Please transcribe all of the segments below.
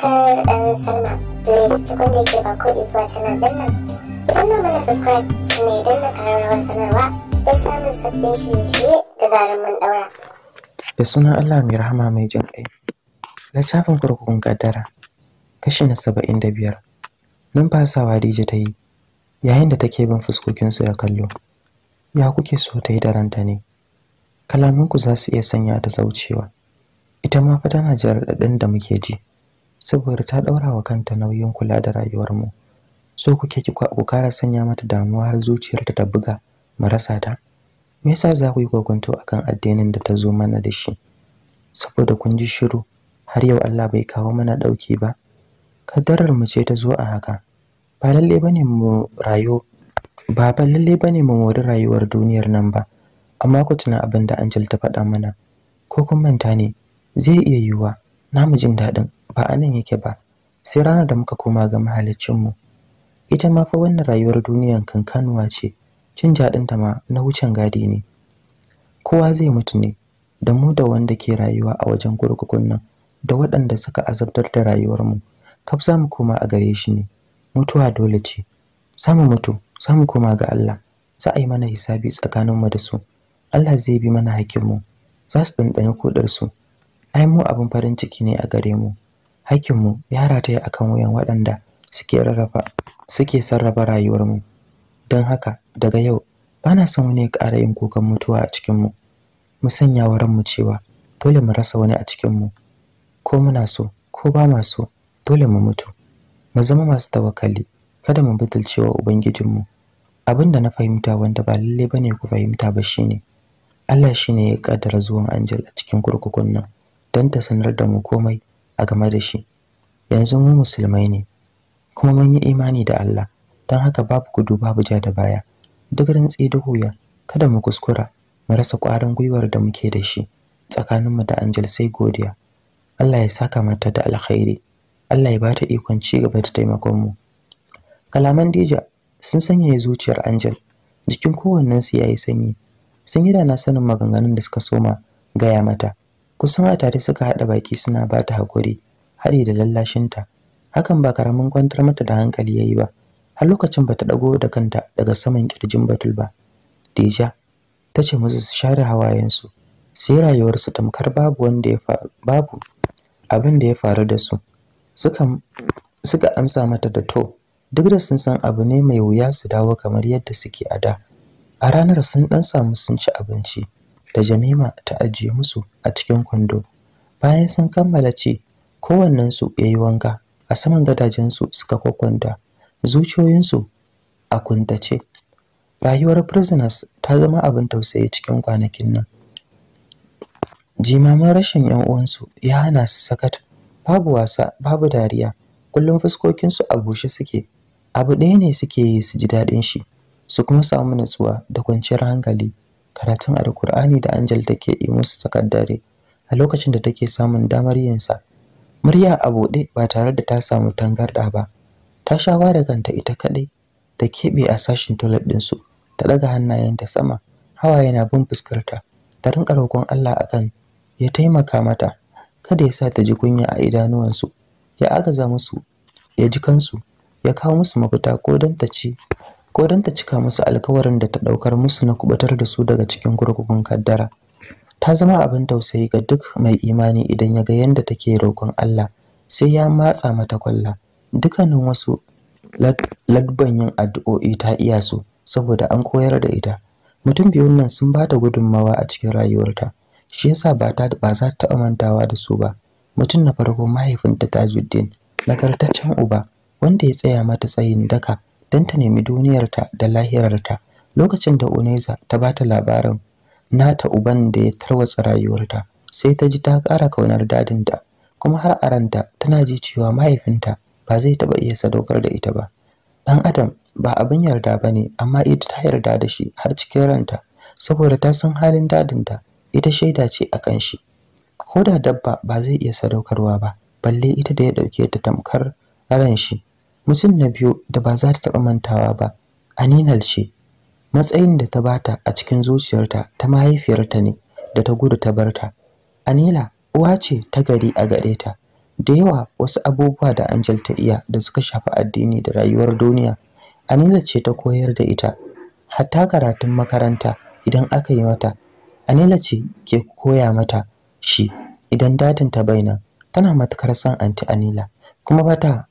subscribe and sign up. da yake subscribe sanarwa don samun sabbin shirye-shirye da zarar mun Da sunan Allah mai rahama mai jin ƙai. Littafin kurkukun ƙaddara. kashi na saba'in da biyar. wa Dija ta yi yayin da take bin fuskokinsu ya kallo. Ya kuke so ta yi da ranta ne? Kalaminku za su iya sanya ta zaucewa. ita ma fa na raɗaɗin da muke ji saboda ta ɗaura wa kanta nauyin kula da rayuwar mu so kuke ki ku kara sanya mata damuwa har zuciyarta ta buga mu rasa ta me yasa za ku yi gwagwanto akan addinin da ta zo mana da shi saboda kun ji shiru har yau Allah bai kawo mana ɗauki ba kaddarar mu ce ta zo a haka ba lalle bane mu rayo ba ba lalle bane mu mori rayuwar duniyar nan ba amma ku tuna abin da Angel ta faɗa mana ko kun manta ne zai iya yiwuwa namu jin daɗin ba a nan yake ba sai ranar da muka koma ga mahaliccinmu ita ma fa wannan rayuwar duniyan kankanuwa ce jin daɗinta ma na wucin gadi ne kowa zai mutu ne da mu da wanda ke rayuwa a wajen gurgugun nan da waɗanda suka azabtar da rayuwarmu kaf za mu koma a gare shi ne mutuwa dole ce za mu mutu za mu koma ga Allah za a yi mana hisabi tsakaninmu da su Allah zai bi mana mu za su ɗanɗani kodarsu ai mu abin farin ciki ne a gare mu mu ya rataya akan wuyan waɗanda suke rarrafa suke sarrafa rayuwar mu don haka daga yau bana son wani ya ƙara yin kukan mutuwa a cikinmu mu sanya wa ranmu cewa dole mu rasa wani a cikin mu ko muna so ko ba ma so dole mu mutu mu zama masu tawakkali kada mu butulcewa ubangijinmu abin da na fahimta wanda ba lalle bane ku fahimta ba shine Allah shine ya kaddara zuwan Angel a cikin kurkukun nan don ta sanar da mu komai a game da shi yanzu mu musulmai ne kuma mun yi imani da Allah don haka babu gudu babu ja da baya duk rantsi da huya, kada mu kuskura mu rasa ƙwarin gwiwar da muke da shi tsakaninmu da Angel sai godiya Allah ya saka mata da alkhairi Allah ya ba ta ikon ci gaba da taimakon mu kalaman Dija sun sanyaya zuciyar Angel jikin kowannensu ya yi sanyi sun yi da na sanin maganganun da suka soma gaya mata kusan a tare suka haɗa baki suna ba ta haƙuri haɗi da lallashinta hakan ba karamin kwantar mata da hankali ya yi ba har lokacin ba ta ɗago da kanta daga saman ƙirjin batul ba deja ta ce musu su share hawayensu sai rayuwarsu tamkar babu wanda ya babu abin da ya faru da su suka suka amsa mata da to duk da sun san abu ne mai wuya su dawo kamar yadda suke a da a ranar sun ɗan samu sun ci abinci da Jamima ta ajiye musu a cikin kwando. Bayan sun kammala ce, kowannensu ya yi wanka a saman gadajensu suka kwakwanta, zuciyoyinsu a kuntace. Rayuwar prisoners ta zama abin tausayi cikin kwanakin nan. Jimamin rashin 'yan uwansu ya hana su sakat, babu wasa, babu dariya, kullum fuskokinsu a bushe suke. Abu ɗaya ne suke yi su ji daɗin shi, su kuma samu natsuwa da kwanciyar hankali. karatun alkur'ani da Angel take yi musu tsakar dare a lokacin da take samun damar yin sa murya a buɗe ba tare da ta samu tangarɗa ba ta sha ware kanta ita kaɗai ta keɓe a sashin toilet ɗinsu ta ɗaga ta sama hawa yana bin fuskarta ta rinƙa roƙon Allah akan ya taimaka mata kada ya sa ta ji kunya a idanuwansu ya agaza musu ya ji kansu ya kawo musu mafita ko don ta ci ko don ta cika musu alkawarin da ta ɗaukar musu na kuɓatar da su daga cikin kurkukun kaddara ta zama abin tausayi ga duk mai imani idan ya ga yadda take roƙon Allah sai ya matsa mata kwalla dukkanin wasu ladban yin addu'o'i ta iya su saboda an koyar da ita mutum biyun nan sun bata gudunmawa a cikin rayuwarta shi yasa ba ta ba za ta amantawa da su ba mutum na farko mahaifinta Tajuddin nagartaccen uba wanda ya tsaya mata tsayin daka don ta nemi duniyarta da lahirarta lokacin da Oneza ta ba ta labarin nata uban da ya tarwatsa rayuwarta sai ta ji ta ƙara kaunar dadin kuma har a ranta tana ji cewa mahaifinta ba zai taɓa iya sadaukar da ita ba ɗan adam ba abin yarda ba ne amma ita ta yarda da shi har cikin ranta saboda ta san halin dadinta ita shaida ce a kan shi ko da dabba ba zai iya sadaukarwa ba balle ita da ya ɗauke ta tamkar ran shi mutum na biyu da ba za ta taɓa mantawa ba aninal ce matsayin da ta bata a cikin zuciyarta ta mahaifiyarta ne da ta gudu ta barta anila uwa ce ta gari a gare ta da yawa wasu abubuwa da angel ta iya da suka shafi addini da rayuwar duniya anila ce ta koyar da ita hatta karatun makaranta idan aka yi mata anila ce ke koya mata shi idan datin ta bai nan, tana matukar son anti anila kuma bata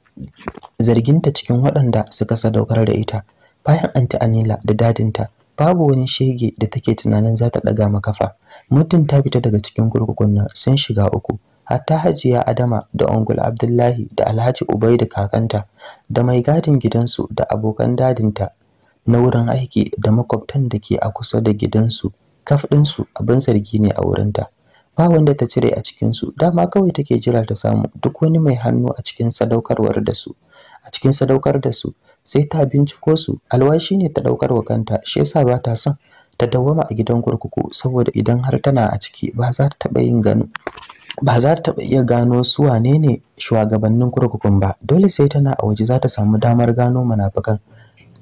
zarginta cikin waɗanda suka sadaukar da ita bayan anti anila da dadinta babu wani shege da take tunanin za ta ɗaga makafa mutum ta fita daga cikin kurkukun nan sun shiga uku hatta hajiya adama da ungul abdullahi da alhaji ubai da kakanta da mai gadin gidansu da abokan dadinta na wurin aiki da makwabtan da ke a kusa da gidansu kaf ɗinsu abin zargi ne a wurinta ba wanda ta cire a cikinsu dama kawai take jira ta samu duk wani mai hannu a cikin sadaukarwar da su a cikin sadaukar da su sai ta binciko su alwashi ne ta daukar wa kanta shi yasa ba ta son ta dawwama a gidan kurkuku saboda idan har tana a ciki ba za ta taba yin gano ba za ta taba iya gano su wane ne shugabannin kurkukun ba dole sai tana a waje za ta samu damar gano munafukan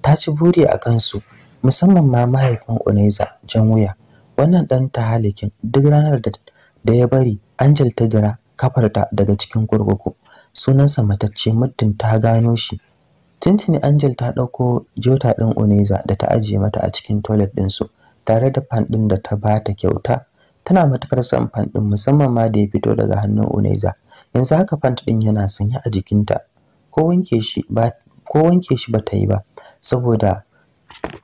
ta ci buri a kansu musamman ma mahaifin Oneza Janwuya wannan dan ta halikin duk ranar da da ya bari Angel ta jira kafarta daga cikin kurkuku sunansa matacce muddin ta gano shi tuntuni Angel ta ɗauko jota ɗin Oneza da ta ajiye mata a cikin toilet ɗinsu tare da fan ɗin da ta ba ta kyauta. Tana matuƙar son fan ɗin musamman ma da ya fito daga hannun Oneza. Yanzu haka fan ɗin yana sanye a jikinta. Ko wanke shi ba ko wanke shi ba ta yi ba saboda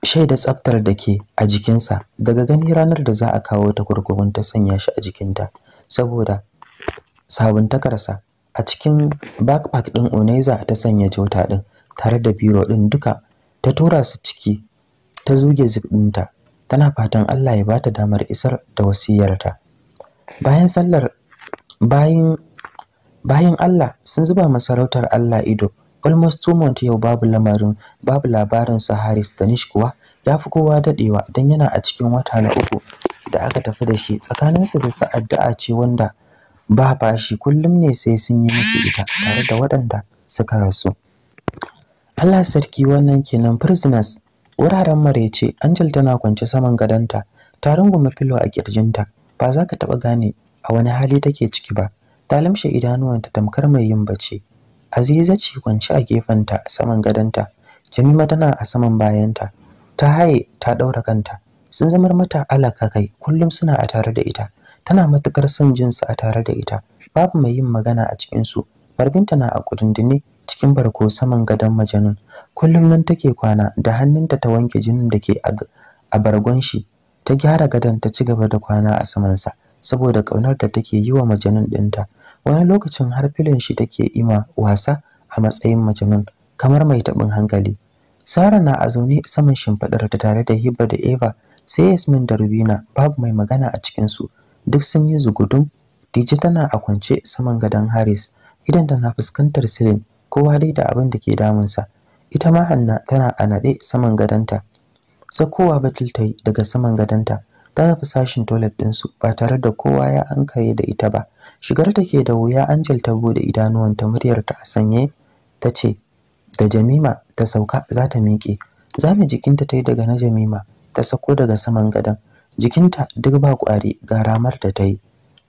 shaida tsaftar da ke a jikinsa daga gani ranar da za a kawo ta kurkukun ta sanya shi a jikinta saboda sabuntakarsa a cikin backpack ɗin oneza ta sanya jota ɗin tare da biro ɗin duka ta tura su ciki ta zuge zip ɗinta tana fatan allah ya bata damar isar da wasiyarta bayan sallar bayan bayan allah sun zuba masarautar allah ido almost two months yau babu lamarin babu labarin su Haris Nish kuwa ya fi kowa dadewa dan yana a cikin wata na uku da aka tafi da shi tsakanin su da sa'ad da'a ce wanda ba shi kullum ne sai sun yi musu ita tare da waɗanda suka rasu Allah sarki wannan kenan prisoners wuraren marece Angel tana kwance saman gadon ta runguma filo a kirjinta ba za ka taɓa gane a wani hali take ciki ba ta lamshe idanuwanta tamkar mai yin bace. Aziza ce kwance a gefenta saman gadonta. Jamima tana a saman bayanta. Ta haye ta ɗaura kanta. Sun zamar mata alaka kai kullum suna a tare da ita. Tana matukar son jinsu a tare da ita. Babu mai yin magana a cikinsu. su. Barbinta na a kudundune cikin barko saman gadon majanun. Kullum nan take kwana da hannunta ta wanke jinin da ke a bargon shi. Ta gyara gadon ta ci gaba da kwana a samansa. saboda ƙaunar da take yi wa majanun ɗinta wani lokacin har filin shi take ima wasa a matsayin majanun kamar mai taɓin hankali sara na a zaune saman shimfiɗar ta tare da hibba da eva sai yasmin da rubina babu mai magana a cikinsu duk sun yi zugudun dije tana a kwance saman gadon haris idan tana fuskantar silin kowa dai da abin da ke damunsa ita ma hanna tana a naɗe saman gadonta sakowa batul ta daga saman gadonta ta nufi sashin toilet ɗinsu ba tare da kowa ya ankare da ita ba shigar take da wuya angel ta bude idanuwanta muryar ta a sanye ta ce da jamima ta sauka za ta miƙe zame jikinta ta yi daga na jamima ta sako daga saman gadon jikinta duk ba ƙwari ga ramar da ta yi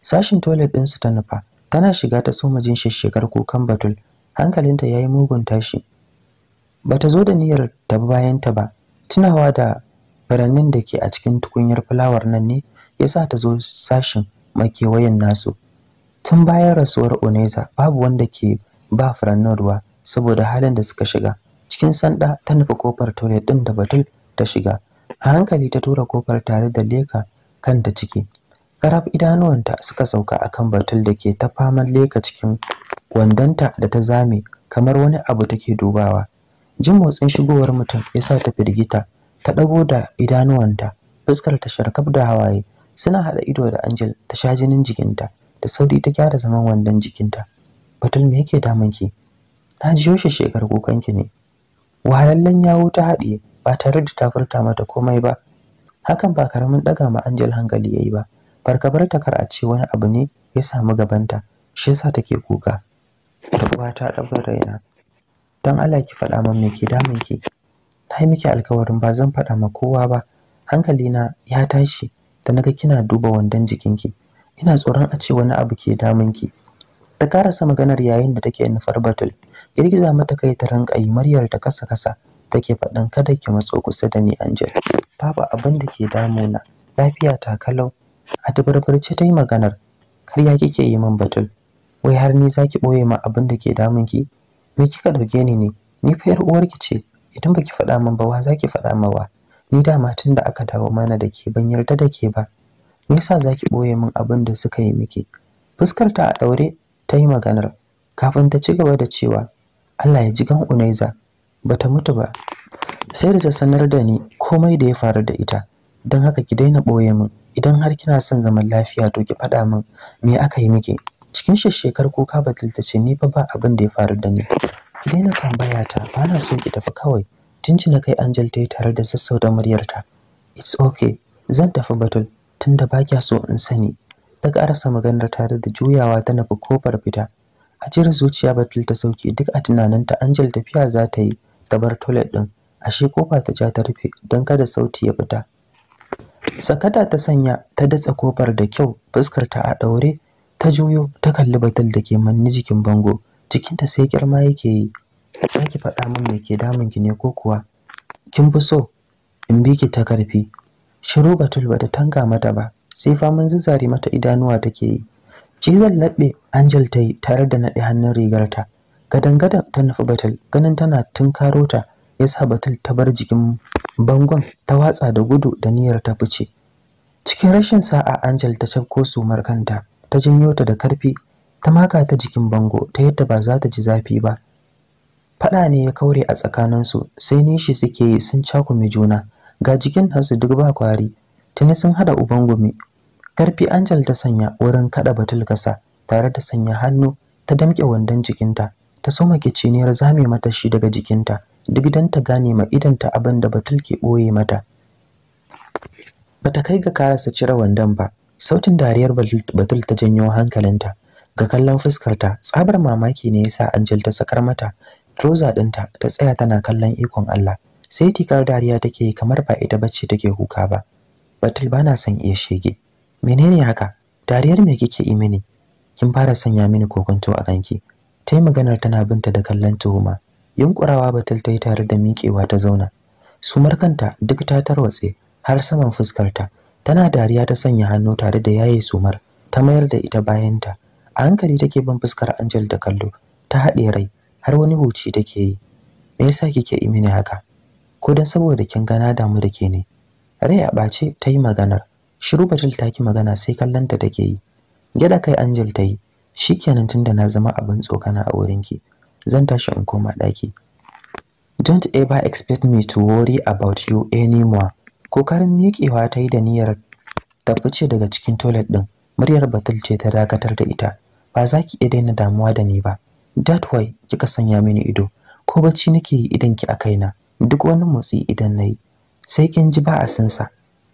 sashin toilet su ta nufa tana shiga ta soma jin shekar kukan batul hankalinta ya yi mugun tashi bata zo da niyyar ta bayanta ba tunawa da furannin da ke a cikin tukunyar fulawar nan ne ya sa ta zo sashin makewayin nasu tun bayan rasuwar oneza babu wanda ke ba furannin ruwa saboda halin da suka shiga cikin sanda ta nufi kofar toilet din da batul ta shiga a hankali ta tura kofar tare da leka kanta ciki karaf idanuwanta suka sauka akan batul da ke ta faman leka cikin gwandanta da ta zame kamar wani abu take dubawa jin motsin shigowar mutum ya sa ta firgita ta ɗago da idanuwanta fuskar ta sharkaf da hawaye suna haɗa ido da Angel ta sha jinin jikinta da sauri ta gyara zaman wandon jikinta Batul me yake damun ki na yaushe yoshe shekar kukanki ne wahalallen yawo ta haɗiye ba tare da ta furta mata komai ba hakan ba karamin ɗaga ma Angel hankali yayi ba Barka, ta kar a ce wani abu ne ya samu gabanta shi yasa take kuka da uwa ta raina Don Allah ki faɗa min me ke damun ki na yi miki alkawarin ba zan faɗa ma kowa ba Hankali na ya tashi da naga kina duba wandon jikinki ina tsoron a ce wani abu ke ki. ta karasa maganar yayin da take nufar batul girgiza mata kai ta rinka yi muryar ta kasa kasa take faɗin kada ki matso kusa da ni angel babu abin da ke damuna lafiya ta kalau a tabarbarce ta yi maganar karya kike yi min batul wai har ni zaki ɓoye ma abin da ke ki? me kika ɗauke ni ne ni fa yar uwarki ce idan baki faɗa min ba wa zaki faɗa min wa ni dama tun da aka dawo mana da ke ban yarda da ke ba me yasa zaki boye min abin da suka yi miki fuskar ta a daure ta yi maganar kafin ta ci gaba da cewa Allah ya ji gan ba ta mutu ba sai da ta sanar da ni komai da ya faru da ita don haka ki daina boye min idan har kina son zaman lafiya to ki faɗa min me aka yi miki cikin shekar kuka batil ce ni ba ba abin da ya faru da ni ki daina tambaya ta bana so ki tafi kawai tun na kai Angel ta yi tare da sassau da muryarta it's okay zan tafi batul tunda ba kya so in sani ta karasa maganar tare da juyawa ta nufi kofar fita a jira zuciya batul ta sauke duk a tunaninta Angel tafiya za ta yi ta bar toilet ɗin. ashe kofa ta ja ta rufe don kada sauti ya fita sakata ta sanya ta datsa kofar da kyau fuskar ta a daure ta juyo ta kalli batul da ke manni jikin bango jikinta sai girma yake yi saki faɗa min me ke damun ki ne ko kuwa kin fi so in bi ki ta karfi shiru batul bata tanga mata ba sai fa mun zuzzare mata idanuwa take yi cizon laɓe angel ta yi tare da naɗe hannun rigarta gadan-gadan ta nufi batul ganin tana tunkaro ta ya sa batul ta bar jikin bangon ta watsa da gudu da niyyar ta fice cikin rashin sa'a angel ta cafko sumar kanta ta janyo ta da karfi ta maka ta jikin bango ta yadda ba za ta ji zafi ba fada ne ya kaure a tsakaninsu sai nishi suke yi sun cakume juna ga jikin hansu duk ba kwari tuni sun hada uban gumi karfi angel ta sanya wurin kada batul kasa tare da sanya hannu ta damke wandon jikinta ta soma kiciniyar zame mata shi daga jikinta duk dan ta gane ma ta abin da batul ke boye mata bata kai ga karasa cire wandon ba sautin dariyar batul ta janyo hankalinta ga kallon fuskarta tsabar mamaki ne yasa Angel ta sakar mata trouser ɗinta ta tsaya tana kallon ikon Allah sai tikar dariya take kamar ba ita bacci take kuka ba batul bana son iya shege menene haka dariyar me kike yi mini kin fara sanya mini kokonto a kanki tai maganar tana binta da kallon tuhuma yunkurawa batul tai tare da miƙewa ta zauna sumar kanta duk ta tarwatse har saman fuskarta tana dariya ta sanya hannu tare da yaye sumar ta mayar da ita bayanta a hankali take bin fuskar Angel da kallo ta haɗe rai har wani huci take yi me yasa kike yi mini haka ko dan saboda kin gana da damu da ke ne rai a ɓace ta yi maganar shiru batul ta ki magana sai ta take yi Gyaɗa kai Angel ta yi shikenan tunda na zama abin tsokana a wurin ki. zan tashi in koma ɗaki don't ever expect me to worry about you anymore kokarin miƙewa ta yi da niyyar ta fice daga cikin toilet din muryar batul ce ta dakatar da ita ba za ki iya daina damuwa da ni ba that way kika sanya mini ido ko bacci nake yi idan ki a kaina duk wani motsi idan na yi. sai kin ji ba a san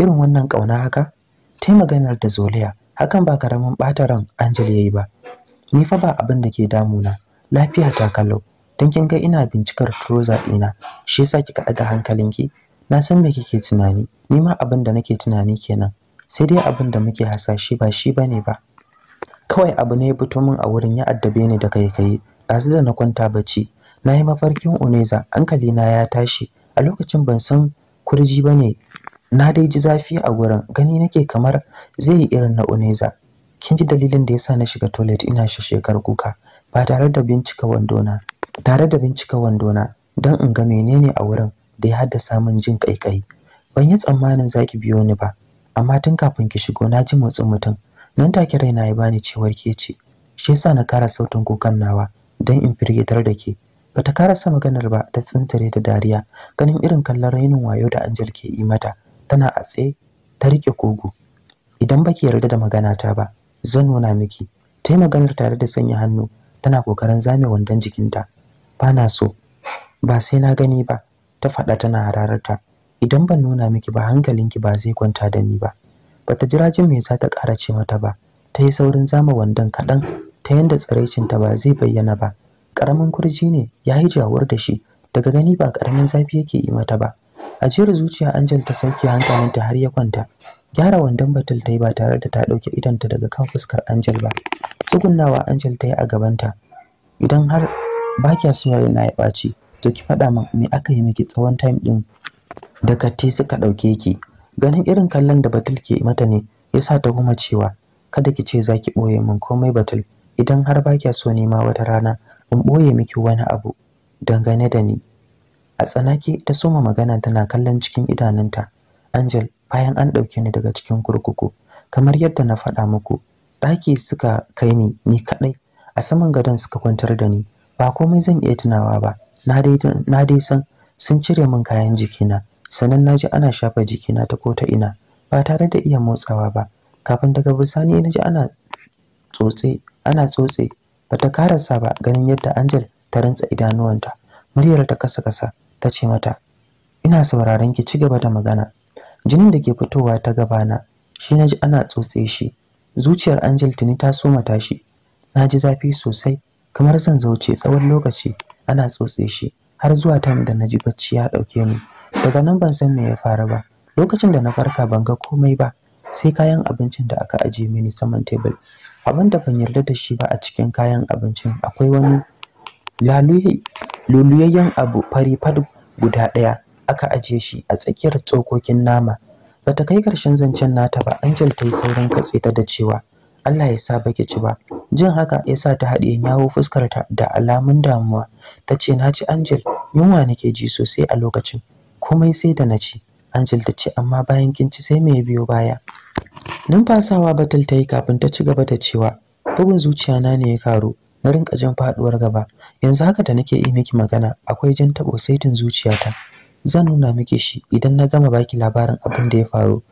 irin wannan kauna haka tai maganar da zoliya hakan ba karamin bata ran Angel yayi ba ni fa ba abin da ke damu na. lafiya ta kallo dan kin ga ina bincikar trouser dina shi yasa kika daga hankalinki na san me kike tunani ni ma abin da nake tunani kenan sai dai abin da muke hasashe ba shi bane ba kawai abu ne ya fito min a wurin ya addabe ni da kai-kai, ɗazu da na kwanta bacci na yi mafarkin oneza na ya tashi a lokacin ban san kurji ba ne na dai ji zafi a wurin gani nake kamar zai yi irin na oneza kin ji dalilin da yasa na shiga toilet ina shi shashekar kuka ba tare da bincika wando na, tare da bincika wando na, don in ga menene a wurin da ya haddasa min jin kaikayi ban yi tsammanin zaki biyo ni ba amma tun kafin ki shigo na ji motsin mutum nan take raina ya bani cewar ke ce shi yasa na kara sautin kukan nawa dan in firgitar da ke bata sa maganar ba ta tsintare da dariya ganin irin kallon rainin wayo da Angel ke yi mata tana a tsaye ta rike kogo idan baki yarda da magana ta ba zan nuna miki ta yi maganar tare da sanya hannu tana kokarin zame wandon jikinta ba na so ba sai na gani ba ta faɗa tana hararta idan ban nuna miki ba hankalinki ba zai kwanta da ni ba bata jira jin me za ta ƙara ce mata ba ta yi saurin zama wandon kaɗan ta yanda tsiraicinta ba zai bayyana ba ƙaramin kurji ne ya yi jawar da shi daga gani ba ƙaramin zafi yake yi mata ba a jiyar zuciya angel ta sauke hankalinta har ya kwanta gyara wandon batul ta yi ba tare da ta ɗauki idanta daga kan fuskar angel ba tsugunnawa angel ta yi a gabanta idan har ba kya so na ya ɓaci to ki faɗa min me aka yi miki tsawon time ɗin daga te suka ɗauke ki ganin irin kallon da batul ke mata ne yasa ta guma cewa kada ki ce zaki ɓoye min komai batul idan har ba kya so nema wata rana in boye miki wani abu dangane da ni a tsanaki ta soma magana tana kallon cikin idanunta angel bayan an ɗauke ni daga cikin kurkuku kamar yadda na faɗa muku ɗaki suka kai ni ni kaɗai a saman gadon suka kwantar da ni ba komai zan iya tunawa ba na dai san sun cire min kayan jikina sannan naji ana shafa jikina ta ko ta ina ba tare da iya motsawa ba kafin daga bisani na ji ana tsotse ana tsotse bata karasa ba ganin yadda Angel ta rantsa idanuwanta muryar ta kasa kasa ta ce mata ina sauraron ki cigaba da magana jinin da ke fitowa ta gabana shi naji ana tsotse shi zuciyar Angel tuni ta soma tashi naji zafi sosai kamar zan zauce tsawon lokaci ana tsotse shi har zuwa time da naji bacci ya dauke ni daga nan ban san me ya faru ba lokacin da na farka ban ga komai ba sai kayan abincin da aka ajiye mini saman tebul abin da ban yarda da shi ba a cikin kayan abincin akwai wani luluyayyen abu fari fad guda ɗaya aka ajiye shi a tsakiyar tsokokin nama bata kai karshen zancen nata ba angel ta yi saurin katse ta da cewa Allah ya sa baki ci ba jin haka ya sa ta haɗe yawo fuskarta da alamun damuwa ta ce na ci angel yunwa nake ji sosai a lokacin komai sai da na ci Angel ta ce amma bayan kin ci sai me ya biyo baya numfasawa batul ta yi kafin ta ci gaba da cewa bugun zuciya na ne ya karu na rinka jin faduwar gaba yanzu haka da nake yi miki magana akwai jan tabo saitin zuciyata zan nuna miki shi idan na gama baki labarin abin da ya faru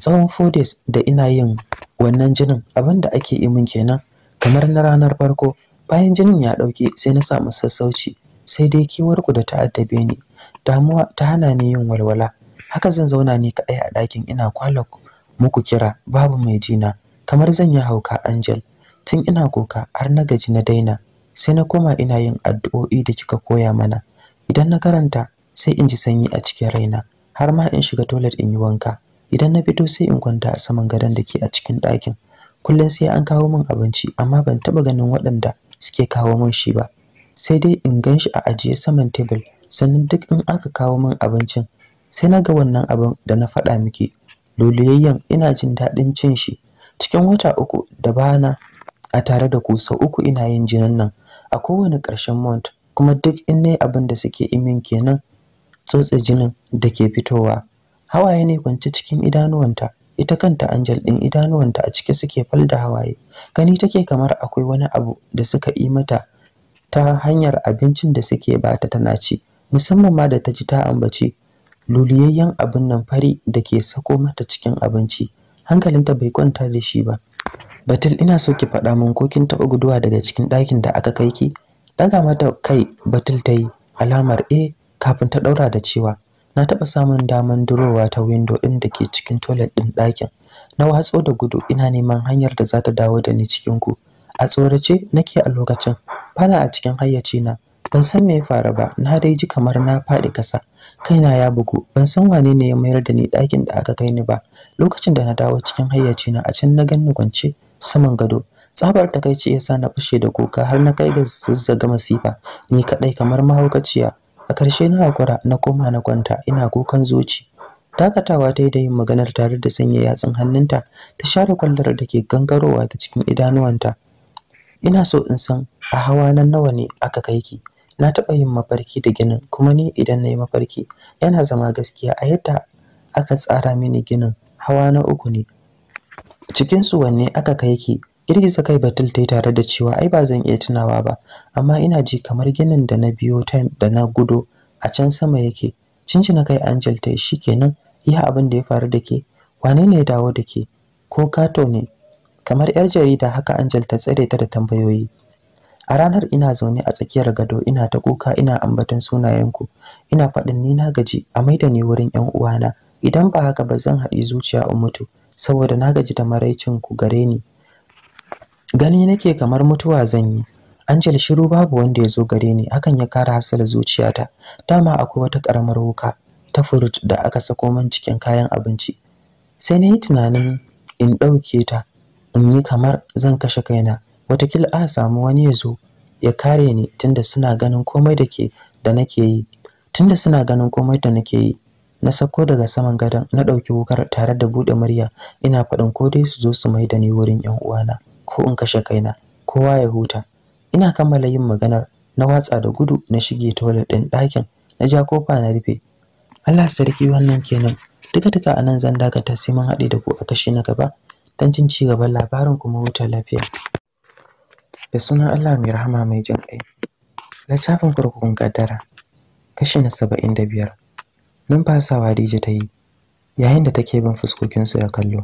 tsawon fodes da ina yin wannan jinin abin da ake yi min kenan kamar na ranar farko bayan jinin ya ɗauke sai na samu sassauci sai dai kewar da ta addabe ni damuwa ta hana ni yin walwala haka zan zauna ni kaɗai a ɗakin ina kwala muku kira babu mai jina kamar zan yi hauka angel tun ina kuka har na gaji na daina sai na koma ina yin addu'o'i da kika koya mana idan na karanta sai in ji sanyi a cikin raina har ma in shiga toilet in yi wanka idan na fito sai in kwanta a saman gadon da ke a cikin ɗakin kullum sai an kawo min abinci amma ban taɓa ganin waɗanda suke kawo min shi ba sai dai in gan shi a ajiye saman tebul sannan duk in aka kawo min abincin sai na ga wannan abin da na faɗa miki Loliyayyan ina jin daɗin cin shi cikin wata uku da bana a tare da ku sau uku ina yin jinin nan a kowane ƙarshen mont kuma duk in nayi abin da suke min kenan tsotse jinin da ke fitowa hawaye ne kwance cikin idanuwanta ita kanta Angel ɗin idanuwanta a cike suke fal da hawaye gani take kamar akwai wani abu da suka yi mata ta hanyar abincin da suke bata tana ci musamman ma da ta ji ta ambaci luliyayyen abin nan fari da ke sako mata cikin abinci hankalinta bai kwanta da shi ba batul ina so ki faɗa min ko kin taɓa guduwa daga cikin ɗakin da aka kai ki ɗaga mata kai batul ta yi alamar e kafin ta ɗaura da cewa na taɓa samun daman durowa ta windo ɗin da ke cikin toilet ɗin ɗakin na watso da gudu ina neman hanyar da za ta dawo da ni cikin ku a tsorace nake a lokacin bana a cikin na ban san me ya faru ba na dai ji kamar na faɗi ƙasa kaina ya bugu ban san wane ne ya mayar da ni ɗakin da aka kai ni ba lokacin da na dawo cikin na a can na ganni kwance saman gado tsabar takaici yasa na fashe da kuka har na kai ga zazzaga masifa ni kaɗai kamar mahaukaciya a ƙarshe na hakura na koma na kwanta ina kukan zuci dakatawa ta yi da yin maganar tare da sanya yatsun hannunta ta share kwallar da ke gangarowa ta cikin idanuwanta ina so in san a hawa nan nawa ne aka kai ki na taɓa yin mafarki da ginin kuma ni idan na yi mafarki yana zama gaskiya a yadda aka tsara mini ginin hawa na uku ne cikinsu wanne aka kai ki girgiza kai batul ta yi tare da cewa ai ba zan iya tunawa ba amma ina ji kamar ginin da na biyo time da na gudo a can sama yake cincina kai angel ta shi kenan iya abin da ya faru da ke wane ne ya dawo da ke ko kato ne kamar 'yar jarida haka Angel ta tsare ta da tambayoyi a ranar ina zaune a tsakiyar gado ina ta kuka ina ambaton sunayenku ina faɗin ni na gaji a maida ni wurin 'yan uwana idan ba haka ba zan haɗi zuciya in mutu saboda na gaji da maraicin ku gare ni gani nake kamar mutuwa zan yi Angel shiru babu wanda ya zo gare ni hakan ya kara hasala zuciyata dama akwai wata karamar wuka ta furut da aka sako min cikin kayan abinci sai na yi tunanin in ɗauke ta in yi kamar zan kashe kaina watakila a samu wani ya zo ya kare ni tunda suna ganin komai da ke da nake yi tunda suna ganin komai da nake yi na sako daga saman gadon na ɗauki wukar tare da buɗe murya ina faɗin ko dai su zo su mai da ni wurin yan uwana ko in kashe kaina kowa ya huta ina kammala yin maganar na watsa da gudu na shige toilet ɗin ɗakin na ja kofa na rufe Allah sarki wannan kenan duka duka anan zan dakata sai mun haɗe da ku a kashi na gaba don jin ci gaban labarin kuma huta lafiya. Da sunan Allah mai rahama mai jin ƙai. Littafin kurkukun ƙaddara. kashi na saba'in da biyar. Numfasawa Dije ta yi yayin da take bin fuskokinsu ya kallo.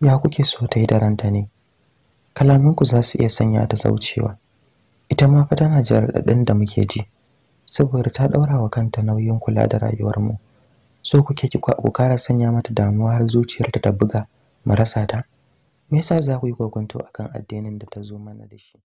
Ya kuke so ta yi da ranta ne? Kalamanku za su iya sanya ta zaucewa. Ita ma fa tana jin raɗaɗin da muke ji. saboda ta daura wa kanta nauyin kula da rayuwarmu so kuke ki ƙara sanya mata damuwa har zuciyarta ta buga Marasa rasa ta me yasa za ku yi kokonto akan addinin da ta zo mana da shi